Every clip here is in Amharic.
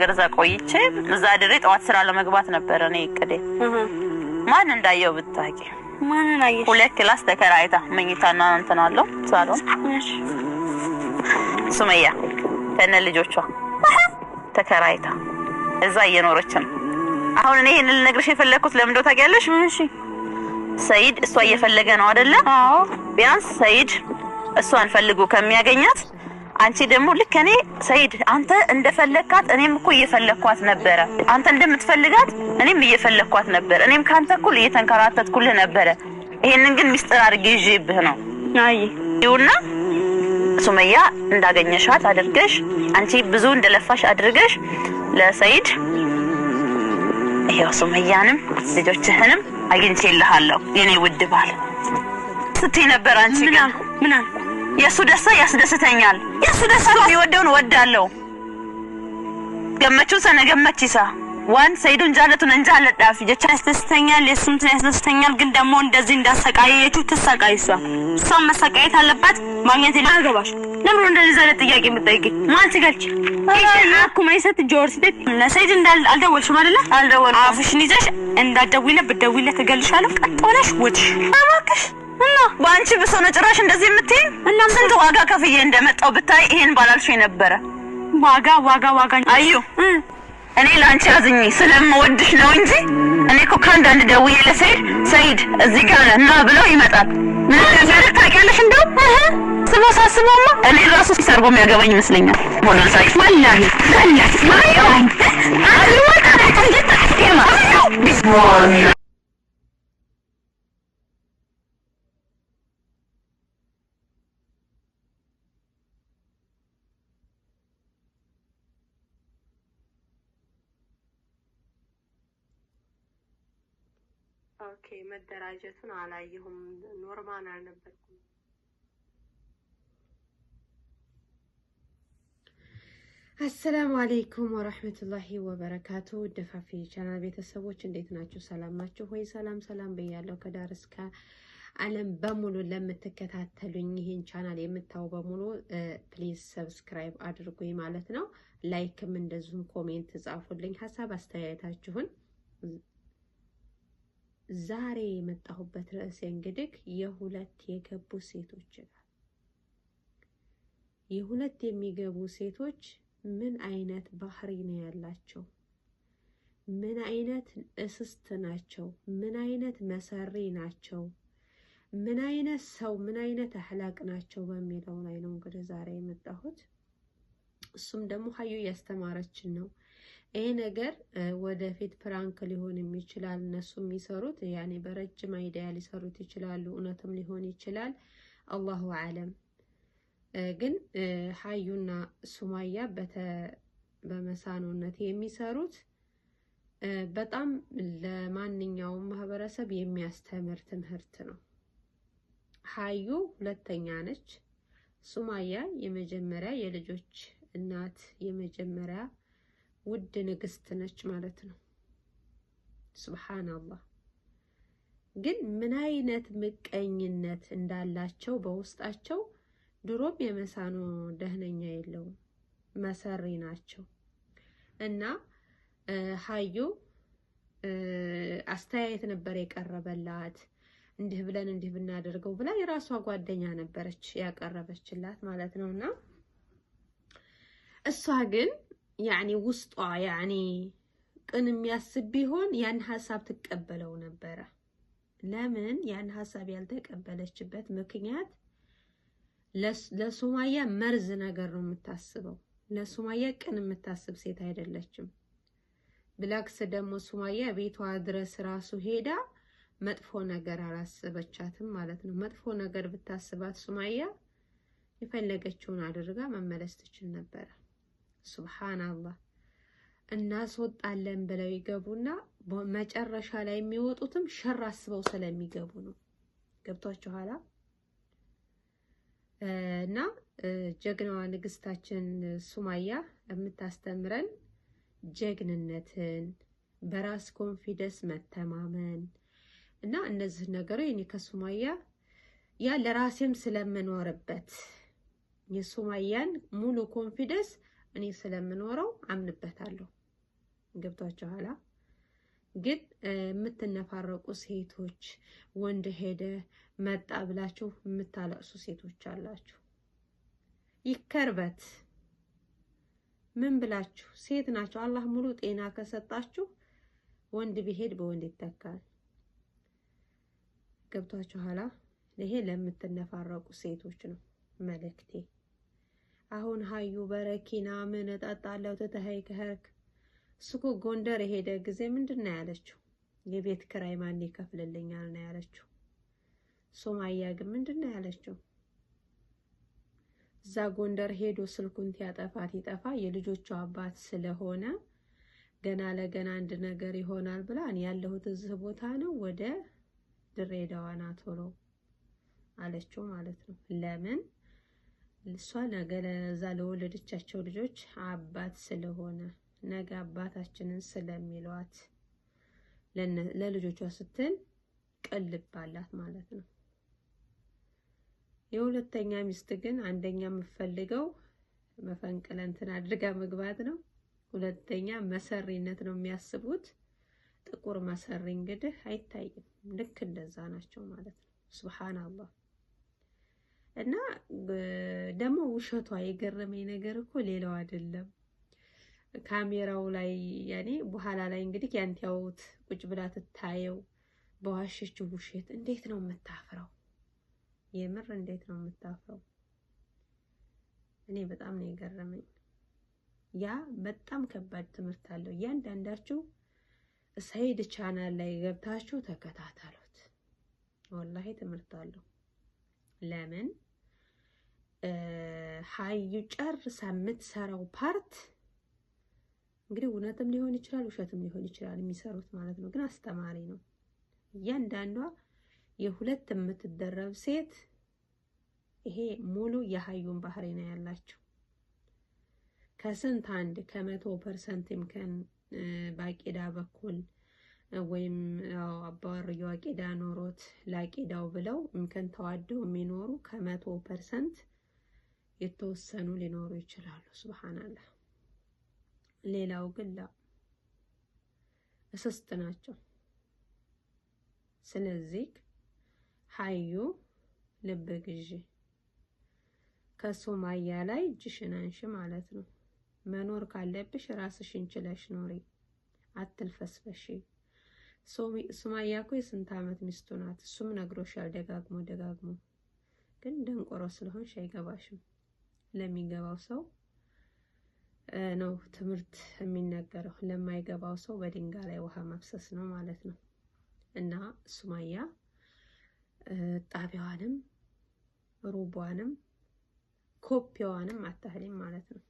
ገርዛ ቆይቼ እዛ ድሬ ጠዋት ስራ ለመግባት ነበረ እኔ እቅዴ። ማን እንዳየው ብታውቂ። ሁለት ክላስ ተከራይታ መኝታና እንትን አለው ሳሎን። ሱመያ ከነ ልጆቿ ተከራይታ እዛ እየኖረች ነው አሁን። እኔ ይሄን ልነግርሽ የፈለግኩት ለምንዶ ታውቂያለሽ? ሰይድ እሷ እየፈለገ ነው አደለ? ቢያንስ ሰይድ እሷን ፈልጉ ከሚያገኛት አንቺ ደግሞ ልክ እኔ ሰይድ አንተ እንደፈለግካት እኔም እኮ እየፈለግኳት ነበረ። አንተ እንደምትፈልጋት እኔም እየፈለግኳት ነበረ። እኔም ከአንተ እኩል እየተንከራተትኩልህ ነበረ። ይሄንን ግን ሚስጥር አድርጌ ይዤብህ ነው። አይ ይሁና ሱመያ እንዳገኘሻት አድርገሽ አንቺ ብዙ እንደለፋሽ አድርገሽ ለሰይድ ይሄው ሱመያንም ልጆችህንም አግኝቼልሃለሁ የኔ ውድ ባል ስትይ ነበር አንቺ ምን የእሱ ደስታ ያስደስተኛል። የእሱ ደስታ የሚወደውን ወዳለው ገመቹ ሰነ ገመች ይሳ ዋን ሰይዱን ጃለቱን እንጃ አለዳፊ ጀቻ ያስደስተኛል። የእሱም እንትን ያስደስተኛል። ግን ደግሞ እንደዚህ እንዳሰቃየችው ትሰቃይ። እሷ እሷም መሰቃየት አለባት። ማግኘት የለም አገባሽ። ለምን እንደዚህ ዘለ ጥያቄ የምትጠይቂ ማን ትገልጪ? እሺ ማይሰት ጆር ቤት ለሰይድ እንዳል አልደወልሽም አይደለ? አልደወልኩም። አፍሽን ይዘሽ እንዳትደውይለት ብትደውይለት እገልሻለሁ። ቀጥ ብለሽ ወጥሽ እና በአንቺ ብሶ ጭራሽ እንደዚህ የምትይኝ። እና ስንት ዋጋ ከፍዬ እንደመጣው ብታይ ይሄን ባላልሽ የነበረ ዋጋ ዋጋ ዋጋ። አዩ እኔ ለአንቺ አዝኜ ስለምወድሽ ነው እንጂ እኔ እኮ አንድ ደውዬ ለሰይድ ሰይድ እዚህ ጋር እና ብለው ይመጣል። ምን እንደሚያደርግ ታውቂያለሽ? እንደው ስሞ ሳስበውማ እኔ ራሱ ሰርጎ የሚያገባኝ ይመስለኛል። ሞደል ሳይ ወላሂ ወላሂ ማየው አይ ኦኬ መደራጀቱን አላየሁም። ኖርማል አልነበርኩም። አሰላሙ አሌይኩም ወረህመቱላሂ ወበረካቱ። ደፋፊ ቻናል ቤተሰቦች እንዴት ናችሁ? ሰላም ናችሁ ወይ? ሰላም ሰላም ብያለሁ። ከዳር እስከ ዓለም በሙሉ ለምትከታተሉኝ ይህን ቻናል የምታው በሙሉ ፕሊዝ ሰብስክራይብ አድርጉኝ ማለት ነው። ላይክም እንደዚሁም ኮሜንት ጻፉልኝ ሀሳብ አስተያየታችሁን ዛሬ የመጣሁበት ርዕሴ እንግዲህ የሁለት የገቡ ሴቶች ይላል። የሁለት የሚገቡ ሴቶች ምን አይነት ባህሪ ነው ያላቸው? ምን አይነት እስስት ናቸው? ምን አይነት መሰሪ ናቸው? ምን አይነት ሰው፣ ምን አይነት አህላቅ ናቸው በሚለው ላይ ነው እንግዲህ ዛሬ የመጣሁት። እሱም ደግሞ ሀዩ እያስተማረችን ነው ይሄ ነገር ወደፊት ፕራንክ ሊሆንም ይችላል። እነሱ የሚሰሩት ያኔ በረጅም አይዲያ ሊሰሩት ይችላሉ። እውነትም ሊሆን ይችላል። አላሁ አለም። ግን ሀዩና ሱማያ በመሳኖነት የሚሰሩት በጣም ለማንኛውም ማህበረሰብ የሚያስተምር ትምህርት ነው። ሀዩ ሁለተኛ ነች። ሱማያ የመጀመሪያ የልጆች እናት የመጀመሪያ ውድ ንግስት ነች ማለት ነው። ሱብሃናላህ ግን ምን አይነት ምቀኝነት እንዳላቸው በውስጣቸው ድሮም የመሳኖ ደህነኛ የለውም መሰሪ ናቸው። እና ሀዩ አስተያየት ነበር የቀረበላት እንዲህ ብለን እንዲህ ብናደርገው ብላ የራሷ ጓደኛ ነበረች ያቀረበችላት ማለት ነው እና እሷ ግን ያኒ ውስጧ ያኒ ቅን የሚያስብ ቢሆን ያን ሀሳብ ትቀበለው ነበረ። ለምን ያን ሀሳብ ያልተቀበለችበት ምክንያት ለሶማያ መርዝ ነገር ነው የምታስበው። ለሶማያ ቅን የምታስብ ሴት አይደለችም። ብላክስ ደግሞ ሶማያ ቤቷ ድረስ ራሱ ሄዳ መጥፎ ነገር አላሰበቻትም ማለት ነው። መጥፎ ነገር ብታስባት ሱማያ የፈለገችውን አድርጋ መመለስ ትችል ነበረ። ሱብሃናላህ እናስወጣለን ብለው ይገቡና መጨረሻ ላይ የሚወጡትም ሸር አስበው ስለሚገቡ ነው። ገብቷችሁ ኋላ እና ጀግናዋ ንግስታችን ሱማያ የምታስተምረን ጀግንነትን፣ በራስ ኮንፊደንስ መተማመን እና እነዚህ ነገሮች እኔ ከሱማያ ያ ለራሴም ስለምኖርበት የሱማያን ሙሉ ኮንፊደንስ እኔ ስለምኖረው አምንበታለሁ። ገብቷችሁ ኋላ ግን የምትነፋረቁ ሴቶች ወንድ ሄደ መጣ ብላችሁ የምታለቅሱ ሴቶች አላችሁ። ይከርበት ምን ብላችሁ ሴት ናቸው። አላህ ሙሉ ጤና ከሰጣችሁ ወንድ ቢሄድ በወንድ ይተካል። ገብቷችሁ ኋላ። ይሄ ለምትነፋረቁ ሴቶች ነው መልእክቴ። አሁን ሀዩ በረኪና ምን እጠጣለሁ ትተኸኝ ከሄድክ። እሱ እኮ ጎንደር የሄደ ጊዜ ምንድን ነው ያለችው? የቤት ክራይ ማን ይከፍልልኛል ነው ያለችው። ሶማያ ግን ምንድን ነው ያለችው? እዛ ጎንደር ሄዶ ስልኩን ያጠፋት ይጠፋ የልጆቹ አባት ስለሆነ ገና ለገና አንድ ነገር ይሆናል ብላ እኔ ያለሁት እዚህ ቦታ ነው፣ ወደ ድሬዳዋ ና ቶሎ አለችው ማለት ነው ለምን እሷ ነገ ለዛ ለወለደቻቸው ልጆች አባት ስለሆነ ነገ አባታችንን ስለሚሏት ለልጆቿ ስትል ቅልብ አላት ማለት ነው። የሁለተኛ ሚስት ግን አንደኛ የምፈልገው መፈንቅለ እንትን አድርጋ መግባት ነው። ሁለተኛ መሰሪነት ነው የሚያስቡት። ጥቁር መሰሪ እንግዲህ አይታይም። ልክ እንደዛ ናቸው ማለት ነው። ሱብሃን አላህ እና ደግሞ ውሸቷ የገረመኝ ነገር እኮ ሌላው አይደለም። ካሜራው ላይ ያኔ በኋላ ላይ እንግዲህ ያንተ ያውት ቁጭ ብላ ትታየው በዋሸችው ውሸት እንዴት ነው የምታፍረው? የምር እንዴት ነው የምታፍረው? እኔ በጣም ነው የገረመኝ። ያ በጣም ከባድ ትምህርት አለው። እያንዳንዳችሁ ሰይድ ቻናል ላይ ገብታችሁ ተከታተሉት። ወላሂ ትምህርት አለው። ለምን ሀዩ ጨርሳ የምትሰራው ፓርት እንግዲህ እውነትም ሊሆን ይችላል፣ ውሸትም ሊሆን ይችላል የሚሰሩት ማለት ነው። ግን አስተማሪ ነው። እያንዳንዷ የሁለት የምትደረብ ሴት ይሄ ሙሉ የሀዩን ባህሪ ነው ያላቸው። ከስንት አንድ ከመቶ ፐርሰንት ይምከን በአቂዳ በኩል ወይም አባወርየው አቂዳ ኖሮት ላቂዳው ብለው ይምከን ተዋደው የሚኖሩ ከመቶ ፐርሰንት የተወሰኑ ሊኖሩ ይችላሉ። ሱብሃናላህ። ሌላው ግን ላ እስስት ናቸው። ስለዚህ ሀዩ ልብ ግዢ ከሱማያ ላይ እጅሽን አንሺ ማለት ነው። መኖር ካለብሽ ራስሽን ችለሽ ኖሪ፣ አትልፈስፈሺ። ሱማያ እኮ የስንት አመት ሚስቱ ናት። እሱም ነግሮሻል ደጋግሞ ደጋግሞ፣ ግን ደንቆሮ ስለሆንሽ አይገባሽም። ለሚገባው ሰው ነው ትምህርት የሚነገረው። ለማይገባው ሰው በድንጋይ ላይ ውሃ መፍሰስ ነው ማለት ነው። እና ሱማያ ጣቢያዋንም ሩቧንም ኮፒዋንም አታህሊም ማለት ነው።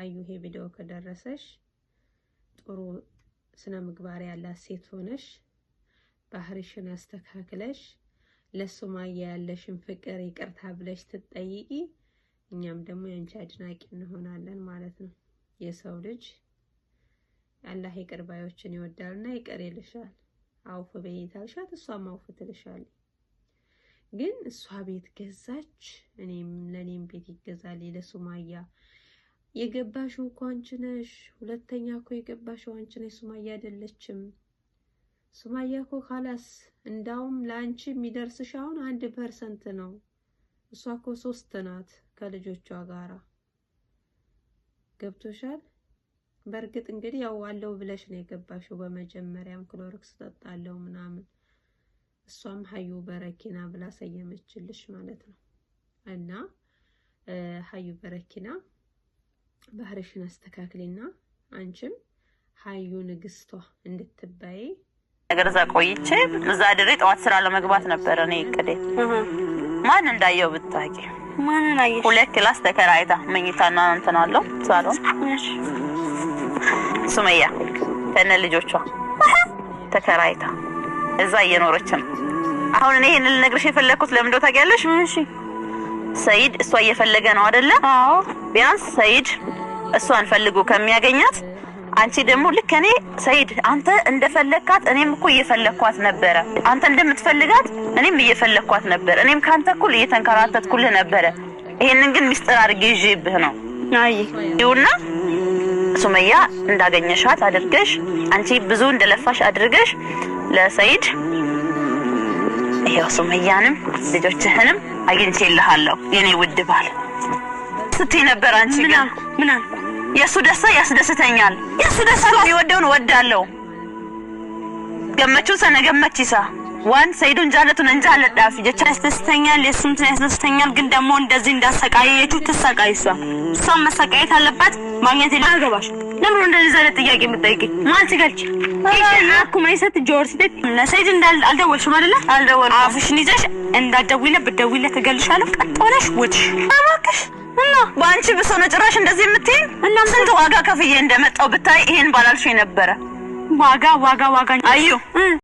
አዩ ይሄ ቪዲዮ ከደረሰሽ ጥሩ ስነ ምግባር ያላት ሴት ሆነሽ ባህርሽን አስተካክለሽ ለሱማያ ያለሽን ፍቅር ይቅርታ ብለሽ ትጠይቂ፣ እኛም ደግሞ የአንቺ አድናቂ እንሆናለን ማለት ነው። የሰው ልጅ አላህ ይቅር ባዮችን ይወዳልና ይቅር ይልሻል። አውፍ በይኝ ታልሻት፣ እሷም አውፍ ግን እሷ ቤት ገዛች፣ እኔም ለኔም ቤት ይገዛል ለሱማያ የገባሽው እኮ አንቺ ነሽ። ሁለተኛ እኮ የገባሽው አንቺ ነሽ፣ ሱማያ አይደለችም። ሱማያ እኮ ካላስ እንዳውም ለአንቺ የሚደርስሽ አሁን አንድ ፐርሰንት ነው። እሷ እኮ ሶስት ናት ከልጆቿ ጋራ ገብቶሻል። በእርግጥ እንግዲህ ያው አለው ብለሽ ነው የገባሽው። በመጀመሪያም ክሎሮክስ ጠጣለው ምናምን እሷም ሀዩ በረኪና ብላ ሰየመችልሽ ማለት ነው። እና ሀዩ በረኪና ባህርሽን አስተካክልና አንቺም ሀዩ ንግስቷ እንድትባይ ነገር እዛ ቆይቼ እዛ ድሬ ጠዋት ስራ ለመግባት ነበረ እኔ እቅዴ። ማን እንዳየው ብታውቂ? ማንን አየሽ? ሁለት ክላስ ተከራይታ መኝታና እንትን አለው ሳሎን ሱመያ ከነ ልጆቿ ተከራይታ እዛ እየኖረች ነው። አሁን እኔ ይሄንን ልነግርሽ የፈለግኩት ለምንዶ ታውቂያለሽ? እሺ ሰይድ እሷ እየፈለገ ነው አይደለ? አዎ ቢያንስ ሰይድ እሷን ፈልጎ ከሚያገኛት አንቺ ደግሞ ልክ እኔ ሰይድ አንተ እንደፈለግካት እኔም እኮ እየፈለግኳት ነበረ። አንተ እንደምትፈልጋት እኔም እየፈለግኳት ነበረ። እኔም ከአንተ እኩል እየተንከራተትኩልህ ነበረ። ይሄንን ግን ሚስጥር አድርጌ ይዤብህ ነው። አይ ይሁና ሱመያ እንዳገኘሻት አድርገሽ አንቺ ብዙ እንደለፋሽ አድርገሽ ለሰይድ ይሄው ሱመያንም ልጆችህንም አግኝቼልሃለሁ የኔ ውድ ባል ስትይ ነበር አንቺ ምን የእሱ ደስታ ያስደስተኛል። የእሱ ደስታ የሚወደውን ወዳለው ገመቹ ሰነገመችሳ ዋን ሰይዱን ጃለቱን እንጃ አለዳፍ ጀቻ ያስደስተኛል። የእሱም እንትን ያስደስተኛል። ግን ደግሞ እንደዚህ እንዳሰቃየችው ትሰቃይ። እሷ እሷም መሰቃየት አለባት። ማግኘት የለ አገባሽ ለምን እንደዚህ ዘለት ጥያቄ የምጠይቂ ማን ሲገልጭ እሺ አኩማ ይሰት ጆር ሲደት ለሰይድ እንዳል አልደወልሽም አይደለ? አልደወልኩም። አፍሽን ይዘሽ እንዳትደውይለት ብትደውይለት እገልሻለሁ። ቀጥ ብለሽ ወጥሽ አባክሽ እና በአንቺ ብሶ ነው ጭራሽ እንደዚህ የምትይኝ። እና ስንት ዋጋ ከፍዬ እንደመጣው ብታይ ይሄን ባላልሽ ነበረ። ዋጋ ዋጋ ዋጋ አዩ